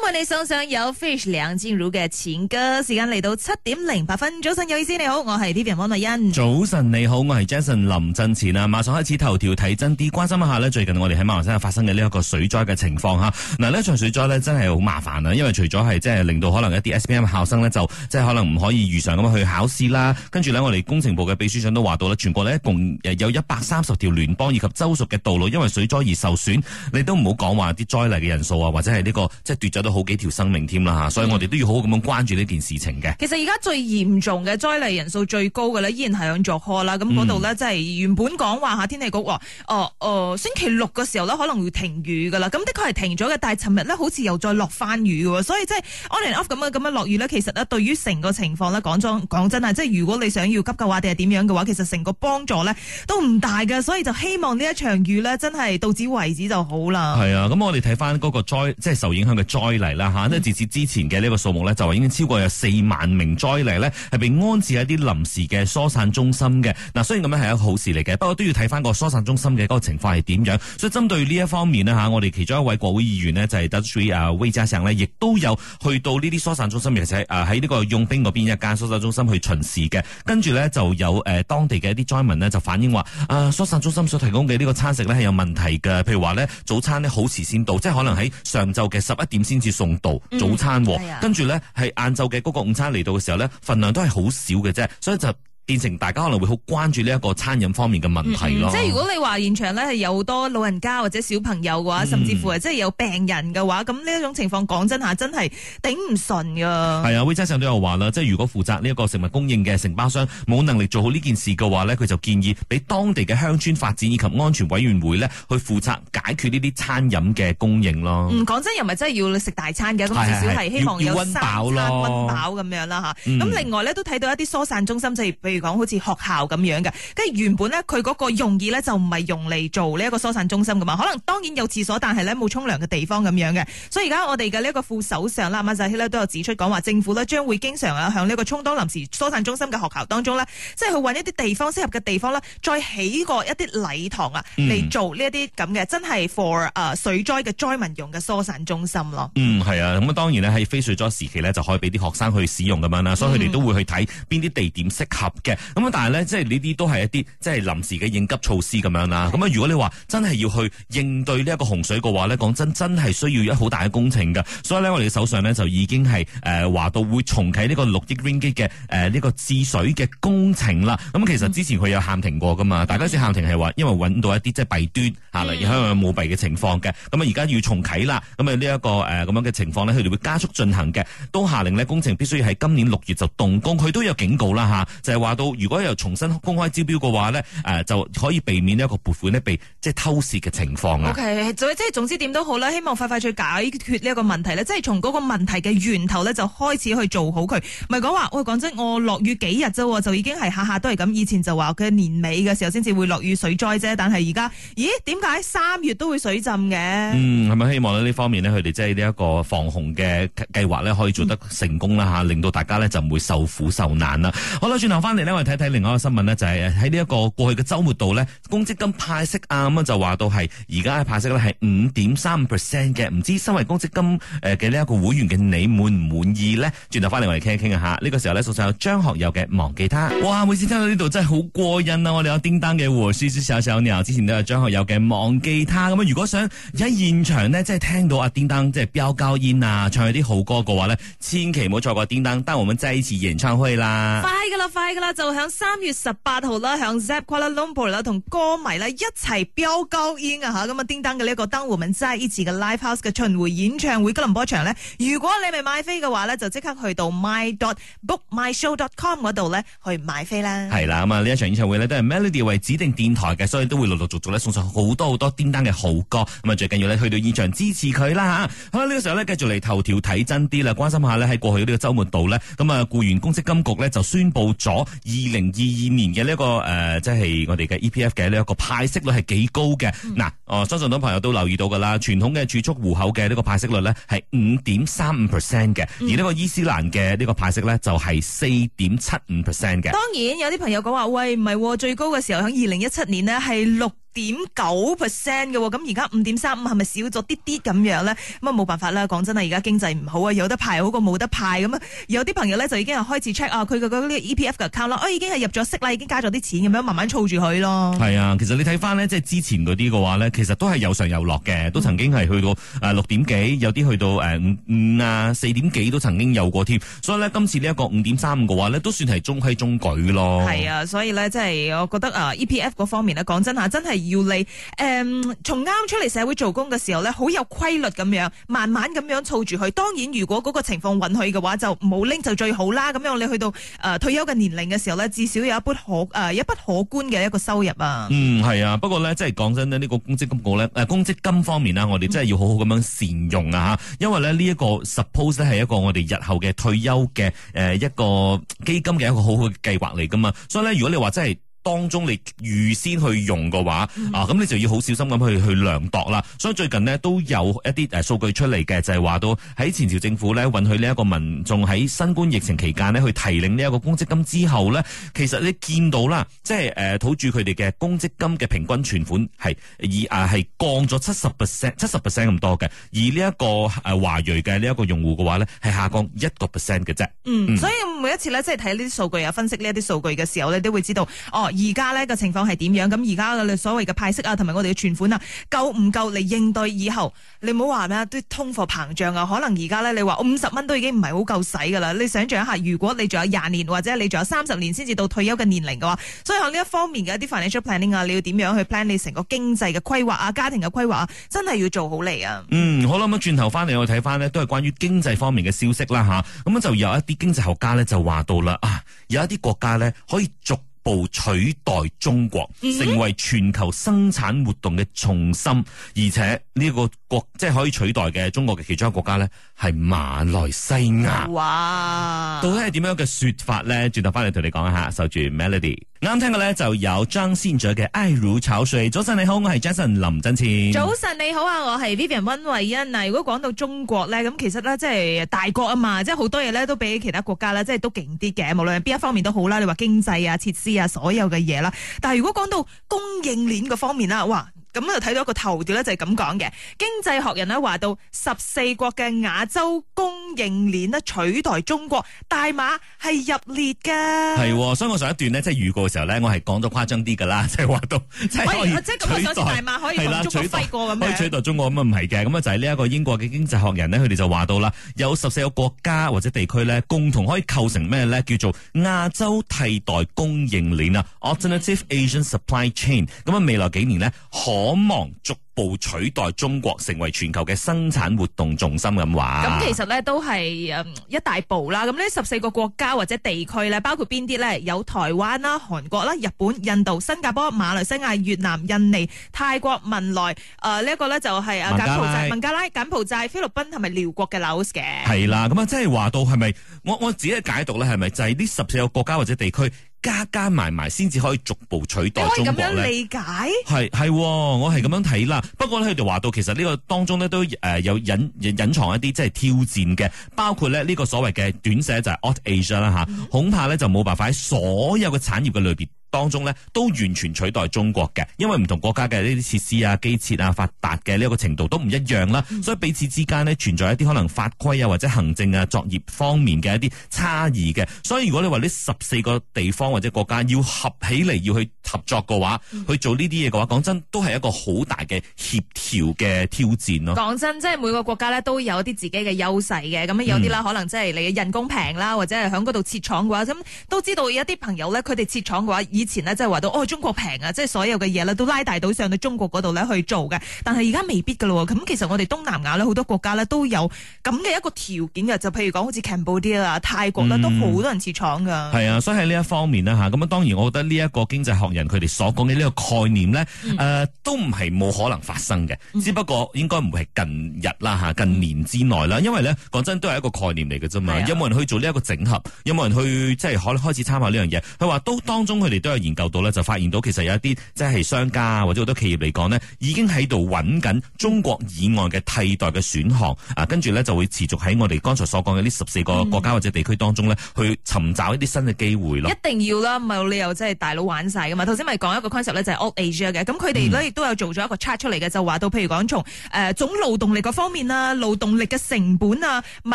咁你手上有 fish 兩千乳嘅錢噶？時間嚟到七點零八分，早晨有意思，你好，我係 Tiffany 溫麗欣。早晨你好，我係 Jason 林振前啊！馬上開始頭條睇真啲，關心一下呢。最近我哋喺馬來西亞發生嘅呢一個水災嘅情況吓。嗱、啊、呢場水災呢真係好麻煩啊！因為除咗係即係令到可能一啲 SPM 考生呢，就即係、就是、可能唔可以如常咁去考試啦。跟住呢，我哋工程部嘅秘書長都話到啦，全國呢一共有一百三十條聯邦以及州屬嘅道路因為水災而受損。你都唔好講話啲災嚟嘅人數啊，或者係呢、這個即係奪咗，就是好幾條生命添啦吓，所以我哋都要好好咁樣關注呢件事情嘅、嗯。其實而家最嚴重嘅災例、人數最高嘅咧，依然係喺作渴啦。咁嗰度咧，即、就、係、是、原本講話吓，天氣局話，哦、呃、哦、呃，星期六嘅時候咧可能會停雨噶啦。咁的確係停咗嘅，但係尋日咧好似又再落翻雨。所以即係 on and off 咁樣咁樣落雨咧，其實咧對於成個情況咧，講真講真係，即係如果你想要急救話，定係點樣嘅話，其實成個幫助咧都唔大嘅。所以就希望呢一場雨咧，真係到此為止就好啦。係啊，咁我哋睇翻嗰個災，即係受影響嘅災。嚟啦吓，即係截至之前嘅呢個數目咧，就已經超過有四萬名災民咧，係被安置喺啲臨時嘅疏散中心嘅。嗱，雖然咁樣係一個好事嚟嘅，不過都要睇翻個疏散中心嘅個情況係點樣。所以針對呢一方面咧吓，我哋其中一位國會議員咧就係 Doctor 啊，魏家祥咧，亦都有去到呢啲疏散中心，而且在啊喺呢個用兵嗰邊一間疏散中心去巡視嘅。跟住咧就有誒、呃、當地嘅一啲災民咧就反映話啊，疏散中心所提供嘅呢個餐食咧係有問題嘅，譬如話咧早餐咧好遲先到，即係可能喺上晝嘅十一點先至。送到早餐，嗯啊、跟住咧係晏晝嘅嗰個午餐嚟到嘅時候咧，份量都係好少嘅啫，所以就。變成大家可能會好關注呢一個餐飲方面嘅問題咯、嗯嗯。即如果你話現場咧係有好多老人家或者小朋友嘅話，嗯、甚至乎係即係有病人嘅話，咁呢一種情況講真下真係頂唔順㗎。係啊 w e 上都有話啦，即如果負責呢一個食物供應嘅承包商冇能力做好呢件事嘅話咧，佢就建議俾當地嘅鄉村發展以及安全委員會咧去負責解決呢啲餐飲嘅供應咯。唔講、嗯、真又咪真係要食大餐嘅，咁至少係希望有三餐温飽咁樣啦吓，咁、嗯、另外咧都睇到一啲疏散中心，即係講好似學校咁樣嘅，跟住原本咧，佢嗰個用意咧就唔係用嚟做呢一個疏散中心噶嘛，可能當然有廁所，但係咧冇沖涼嘅地方咁樣嘅。所以而家我哋嘅呢一個副首相啦，馬仕希咧都有指出講話，政府咧將會經常啊向呢一個充當臨時疏散中心嘅學校當中咧，即係去搵一啲地方適合嘅地方咧，再起過一啲禮堂啊嚟做呢一啲咁嘅，真係 for 誒水災嘅災民用嘅疏散中心咯。嗯，係啊，咁啊當然咧喺非水災時期咧就可以俾啲學生去使用咁樣啦，所以佢哋都會去睇邊啲地點適合。咁但係呢，即係呢啲都係一啲即係臨時嘅應急措施咁樣啦。咁啊的，如果你話真係要去應對呢一個洪水嘅話呢，講真真係需要一好大嘅工程嘅。所以呢，我哋手上呢就已經係誒話到會重啟呢個六億令吉嘅誒呢個治水嘅工程啦。咁其實之前佢有喊停過噶嘛，大家先喊停係話因為揾到一啲即係弊端嚇啦，而冇弊嘅情況嘅。咁啊，而家要重啟啦，咁啊呢一個誒咁、呃、樣嘅情況呢，佢哋會加速進行嘅。都下令呢工程必須要喺今年六月就動工。佢都有警告啦吓，就係話。到如果又重新公開招標嘅話咧，誒、呃、就可以避免一個撥款呢被即係偷蝕嘅情況啊。O、okay, 總即係總之點都好啦，希望快快去解決呢一個問題咧，即係從嗰個問題嘅源頭咧就開始去做好佢。唔係講話，我講真，我落雨幾日啫，就已經係下下都係咁。以前就話佢年尾嘅時候先至會落雨水災啫，但係而家咦點解三月都會水浸嘅？嗯，係咪希望呢方面呢？佢哋即係呢一個防洪嘅計劃呢，可以做得成功啦？嚇、嗯啊，令到大家呢就唔會受苦受難啦。好啦，轉頭返嚟咧，我哋睇睇另外一個新聞呢，就係喺呢一個過去嘅周末度呢，公積金派息啊，咁啊就話到係而家嘅派息咧係五點三 percent 嘅，唔知身為公積金誒嘅呢一個會員嘅你滿唔滿意呢？轉頭翻嚟我哋傾一傾啊嚇！呢、這個時候咧，送有張學友嘅《忘記他》。哇！每次聽到呢度真係好過癮啊！我哋有叮噹嘅和思思、小小牛，之前都有張學友嘅《忘記他》。咁啊，如果想喺現場呢，即係聽到阿、啊、叮噹即係飆高音啊，唱一啲好歌嘅話呢，千祈唔好錯過叮噹帶我們再一次演唱會啦！快噶啦，快噶啦！就響三月十八號啦，響 Zap Kuala Lumpur 啦，同歌迷啦一齊飆高音啊！吓咁啊，叮噹嘅呢一個燈湖《燈戶們在一起》嘅 Live House 嘅巡回演唱會吉隆坡場咧，如果你未買飛嘅話咧，就即刻去到 my.dot.bookmyshow.com dot 嗰度咧去買飛啦。係啦，咁啊呢一場演唱會咧都係 Melody 為指定電台嘅，所以都會陸陸續續咧送上好多好多叮噹嘅好歌。咁啊，最緊要咧去到現場支持佢啦吓。好，呢個時候咧繼續嚟頭條睇真啲啦，關心下咧喺過去呢個周末度咧，咁啊僱員公積金局咧就宣布咗。二零二二年嘅呢一個誒、呃，即係我哋嘅 E P F 嘅呢一個派息率係幾高嘅。嗱、嗯，哦，相信好多朋友都留意到噶啦，傳統嘅儲蓄戶口嘅呢個派息率呢係五點三五 percent 嘅，而呢個伊斯蘭嘅呢個派息呢就係四點七五 percent 嘅。嗯，當然有啲朋友講話喂，唔係喎，最高嘅時候響二零一七年呢係六，是6點九 percent 嘅，咁而家五點三五係咪少咗啲啲咁樣咧？咁啊冇辦法啦，講真係，而家經濟唔好啊，有得派好過冇得派咁啊。有啲朋友咧就已經係開始 check 啊，佢嘅嗰啲 E.P.F 嘅 account 啦，我已經係入咗息啦，已經加咗啲錢咁樣，慢慢儲住佢咯。係啊，其實你睇翻呢，即係之前嗰啲嘅話咧，其實都係有上有落嘅，都曾經係去到誒六點幾，嗯、有啲去到誒五五啊四點幾都曾經有過添。所以呢，今次呢一個五點三五嘅話咧，都算係中規中矩咯。係啊，所以咧，即係我覺得啊，E.P.F 嗰方面咧，講真下，真係。要你誒、嗯，從啱出嚟社會做工嘅時候咧，好有規律咁樣，慢慢咁樣儲住佢。當然，如果嗰個情況允許嘅話，就唔好拎就最好啦。咁樣你去到誒、呃、退休嘅年齡嘅時候咧，至少有一筆可誒、啊、一筆可觀嘅一個收入啊。嗯，係啊，不過咧，即係講真呢，呢、呢個公積金我咧、呃、公積金方面啊，我哋真係要好好咁樣善用啊嚇，因為咧呢一、呢個 suppose 咧係一個我哋日後嘅退休嘅誒、呃、一個基金嘅一個好好嘅計劃嚟噶嘛。所以咧，如果你話真係，當中你預先去用嘅話，嗯、啊，咁你就要好小心咁去去量度啦。所以最近呢，都有一啲誒數據出嚟嘅，就係話到喺前朝政府咧允許呢一個民眾喺新冠疫情期間呢去提領呢一個公積金之後呢，其實你見到啦，即係誒、呃、土著佢哋嘅公積金嘅平均存款係以啊係降咗七十 percent、七十 percent 咁多嘅，而呢、這、一個誒華裔嘅呢一個用戶嘅話呢，係下降一個 percent 嘅啫。嗯，嗯，所以每一次呢，即係睇呢啲數據啊，分析呢一啲數據嘅時候呢，你都會知道哦。而家呢個情況係點樣？咁而家嘅所謂嘅派息啊，同埋我哋嘅存款啊，夠唔夠嚟應對以後？你唔好話咩都通貨膨脹啊，可能而家咧你話五十蚊都已經唔係好夠使噶啦。你想象一下，如果你仲有廿年或者你仲有三十年先至到退休嘅年齡嘅話，所以呢一方面嘅一啲 financial planning 啊，你要點樣去 plan 你成個經濟嘅規劃啊、家庭嘅規劃啊，真係要做好嚟啊、嗯。嗯，好啦，咁轉頭翻嚟我睇翻呢，都係關於經濟方面嘅消息啦吓。咁就有一啲經濟學家咧就話到啦，啊，有一啲國家咧可以逐。步取代中國成為全球生產活動嘅重心，而且呢個國即係可以取代嘅中國嘅其中一個國家咧，係馬來西亞。哇！到底係點樣嘅說法咧？轉頭翻嚟同你講一下，受住 Melody。啱聽過咧，就有張先哲嘅《愛如潮水》。早晨你好，我係 Jason 林振前。早晨你好啊，我係 Vivian 溫慧欣。嗱，如果講到中國咧，咁其實咧即係大國啊嘛，即係好多嘢咧都比其他國家啦，即係都勁啲嘅，無論係邊一方面都好啦。你話經濟啊、設施啊、所有嘅嘢啦，但係如果講到供應鏈個方面啦，哇！咁就睇到一個頭條咧，就係咁講嘅。經濟學人咧話到，十四國嘅亞洲供應鏈咧取代中國，大馬係入列噶。係喎，所以我上一段咧即係預告嘅時候咧，我係講咗誇張啲噶啦，即係話到，即係、可以取代以、即係、樣大馬可以取代中國，可以取代中國咁啊唔係嘅，咁啊就係呢一個英國嘅經濟學人咧，佢哋就話到啦，有十四個國家或者地區咧，共同可以構成咩咧？叫做亞洲替代供應鏈啊，Alternative Asian Supply Chain。咁啊，未來幾年咧可。可望逐步取代中國成為全球嘅生產活動重心咁話。咁其實咧都係誒一大步啦。咁呢十四個國家或者地區咧，包括邊啲咧？有台灣啦、韓國啦、日本、印度、新加坡、馬來西亞、越南、印尼、泰國、文萊。誒、呃這個、呢一個咧就係誒柬埔寨、孟加拉、柬埔寨、菲律賓同埋寮國嘅樓嘅？係啦，咁啊即係話到係咪？我我自己嘅解讀咧係咪就係呢十四個國家或者地區？加加埋埋先至可以逐步取代中國咧，理解？係係，我係咁樣睇啦。嗯、不過咧，佢哋話到，其實呢個當中咧都誒有隱隱藏一啲即係挑戰嘅，包括咧呢個所謂嘅短寫就係 Out Asia 啦，吓、嗯，恐怕咧就冇辦法喺所有嘅產業嘅裏邊。當中呢都完全取代中國嘅，因為唔同國家嘅呢啲設施啊、機設啊發達嘅呢個程度都唔一樣啦，嗯、所以彼此之間呢存在一啲可能法規啊或者行政啊作業方面嘅一啲差異嘅，所以如果你話呢十四個地方或者國家要合起嚟要去合作嘅話，嗯、去做呢啲嘢嘅話，講真都係一個好大嘅協調嘅挑戰咯。講真，即係每個國家呢都有啲自己嘅優勢嘅，咁有啲啦，嗯、可能即係你嘅人工平啦，或者係響嗰度設廠嘅話，咁都知道有一啲朋友呢，佢哋設廠嘅話。以前呢，即係話到哦，中國平啊，即、就、係、是、所有嘅嘢咧都拉大到上到中國嗰度咧去做嘅。但係而家未必噶咯。咁其實我哋東南亞咧好多國家咧都有咁嘅一個條件嘅。就譬如講好似 c a m b cambodia 啦、泰國啦，嗯、都好多人設廠噶。係啊，所以喺呢一方面呢，吓、啊，咁當然我覺得呢一個經濟學人佢哋所講嘅呢個概念呢，誒、嗯呃，都唔係冇可能發生嘅。嗯、只不過應該唔係近日啦吓、啊，近年之內啦，因為呢，講真都係一個概念嚟嘅啫嘛。啊、有冇人去做呢一個整合？有冇人去即係可能開始參考呢樣嘢？佢話都當中佢哋都有研究到咧，就發現到其實有一啲即係商家或者好多企業嚟講呢已經喺度揾緊中國以外嘅替代嘅選項啊，跟住咧就會持續喺我哋剛才所講嘅呢十四個國家或者地區當中呢，嗯、去尋找一啲新嘅機會咯。一定要啦，冇理由真係大佬玩晒噶嘛？頭先咪講一個 concept 咧，就係、是、Old Asia 嘅，咁佢哋咧亦都有做咗一個 chart 出嚟嘅，就話到譬如講從誒總勞動力嗰方面啊、勞動力嘅成本啊、物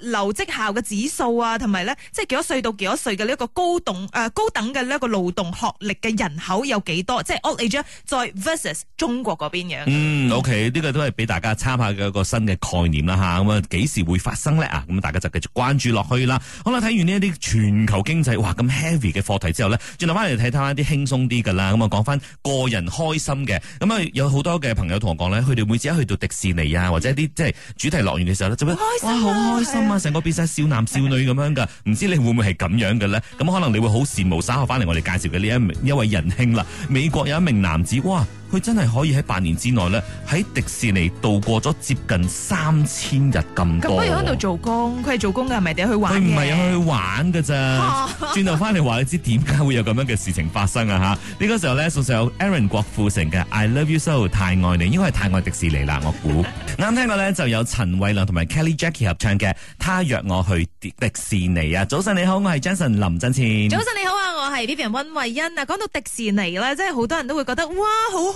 流績效嘅指數啊，同埋咧即係幾多歲到幾多歲嘅呢一個高動誒、呃、高等嘅呢一個勞動學。力嘅人口有幾多？即係 age 在 versus 中國嗰邊嘅。嗯，OK，呢個都係俾大家參考嘅一,一個新嘅概念啦吓。咁啊，幾時會發生咧？啊，咁大家就繼續關注落去啦。好啦，睇完呢一啲全球經濟哇咁 heavy 嘅課題之後呢，轉頭翻嚟睇翻一啲輕鬆啲噶啦。咁啊，講翻個人開心嘅。咁啊，有好多嘅朋友同我講呢，佢哋每次一去到迪士尼啊，或者一啲即係主題樂園嘅時候咧，做咩？開心，好開心啊！成個變晒少男少女咁樣噶。唔知你會唔會係咁樣嘅咧？咁、嗯、可能你會好羨慕，翻學翻嚟我哋介紹嘅呢一。一位仁兄啦，美國有一名男子哇。佢真係可以喺八年之內咧，喺迪士尼度過咗接近三千日咁多。咁佢喺度做工，佢係做工噶，係咪定去玩？佢唔係去玩噶咋。轉頭翻嚟話，你知點解會有咁樣嘅事情發生啊？吓呢 個時候咧，仲上有 Aaron 郭富城嘅《I Love You So》太愛你，因為太愛迪士尼啦。我估啱 聽過咧，就有陳慧琳同埋 Kelly Jackie 合唱嘅《他約我去迪士尼》啊！早晨你好，我係 Jason 林振前。早晨你好啊，我係呢邊 v n 温慧欣啊。講到迪士尼咧，真係好多人都會覺得哇好，好～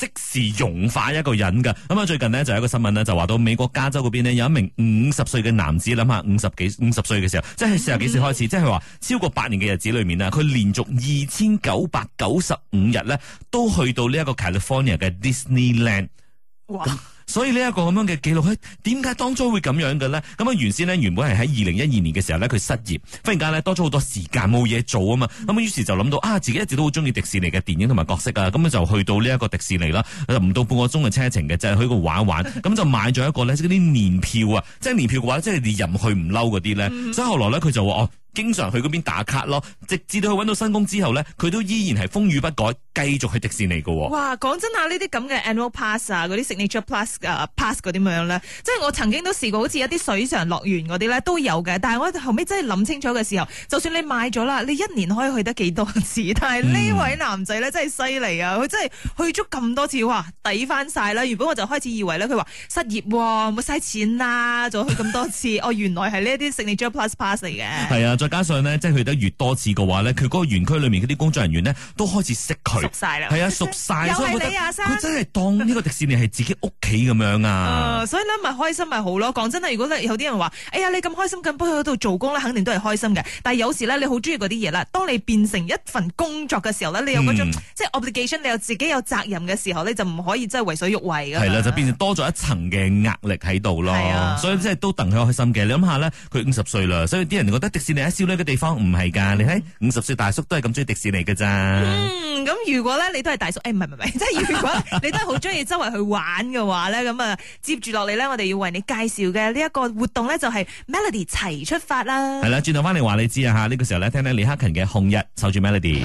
即時融化一個人噶，咁啊最近咧就有一個新聞咧就話到美國加州嗰邊咧有一名五十歲嘅男子，諗下五十幾五十歲嘅時候，即係四十幾歲開始，嗯、即係話超過八年嘅日子裏面啊，佢連續二千九百九十五日咧都去到呢一個 California 嘅 Disneyland。哇所以呢一個咁樣嘅記錄，點解當初會咁樣嘅咧？咁啊原先呢，原本係喺二零一二年嘅時候咧，佢失業，忽然間咧多咗好多時間冇嘢做啊嘛，咁啊於是就諗到啊自己一直都好中意迪士尼嘅電影同埋角色啊，咁啊、嗯、就去到呢一個迪士尼啦，就唔到半個鐘嘅車程嘅，就去一個玩一玩，咁 就買咗一個呢嗰啲年票啊，即係年票嘅話即係你任去唔嬲嗰啲咧，嗯、所以後來呢，佢就話哦，經常去嗰邊打卡咯，直至到佢揾到新工之後呢，佢都依然係風雨不改。繼續去迪士尼噶哇，哇！講真吓呢啲咁嘅 annual pass 啊，嗰啲 signature plus 啊 pass 嗰點樣咧？即係我曾經都試過，好似一啲水上樂園嗰啲咧都有嘅。但係我後尾真係諗清楚嘅時候，就算你買咗啦，你一年可以去得幾、嗯、多次？但係呢位男仔咧真係犀利啊！佢真係去咗咁多次，嘩，抵翻晒啦。原本我就開始以為咧，佢話失業，咪、哦、嘥錢啦，就去咁多次。 哦，原來係呢啲 signature plus pass 嚟嘅。係啊，再加上咧，即係去得越多次嘅話咧，佢嗰個園區裏面嗰啲工作人員咧都開始識佢。熟晒啦，係啊，熟晒，又係你，所以我覺得佢真係當呢個迪士尼係自己屋企咁樣啊。 呃、所以咧，咪、就是、開心咪好咯。講真啦，如果咧有啲人話，哎呀，你咁開心，咁不如喺度做工咧，肯定都係開心嘅。但係有時咧，你好中意嗰啲嘢啦，當你變成一份工作嘅時候咧，你有嗰種即係、嗯、obligation，你有自己有責任嘅時候咧，就唔可以真係為所欲為噶。係啦，就變成多咗一層嘅壓力喺度咯。所以即係都戥佢開心嘅。你諗下咧，佢五十歲啦，所以啲人覺得迪士尼喺少女嘅地方唔係噶。你睇五十歲大叔都係咁中意迪士尼噶咋、嗯。嗯，咁、嗯。如果咧你都係大叔，哎唔係唔係，即係如果你都係好中意周圍去玩嘅話咧，咁啊 接住落嚟咧，我哋要為你介紹嘅呢一個活動咧就係 Melody 齊出發啦。係啦，轉頭翻嚟話你知啊吓，呢、這個時候咧聽聽李克勤嘅《紅日》，守，守住 Melody。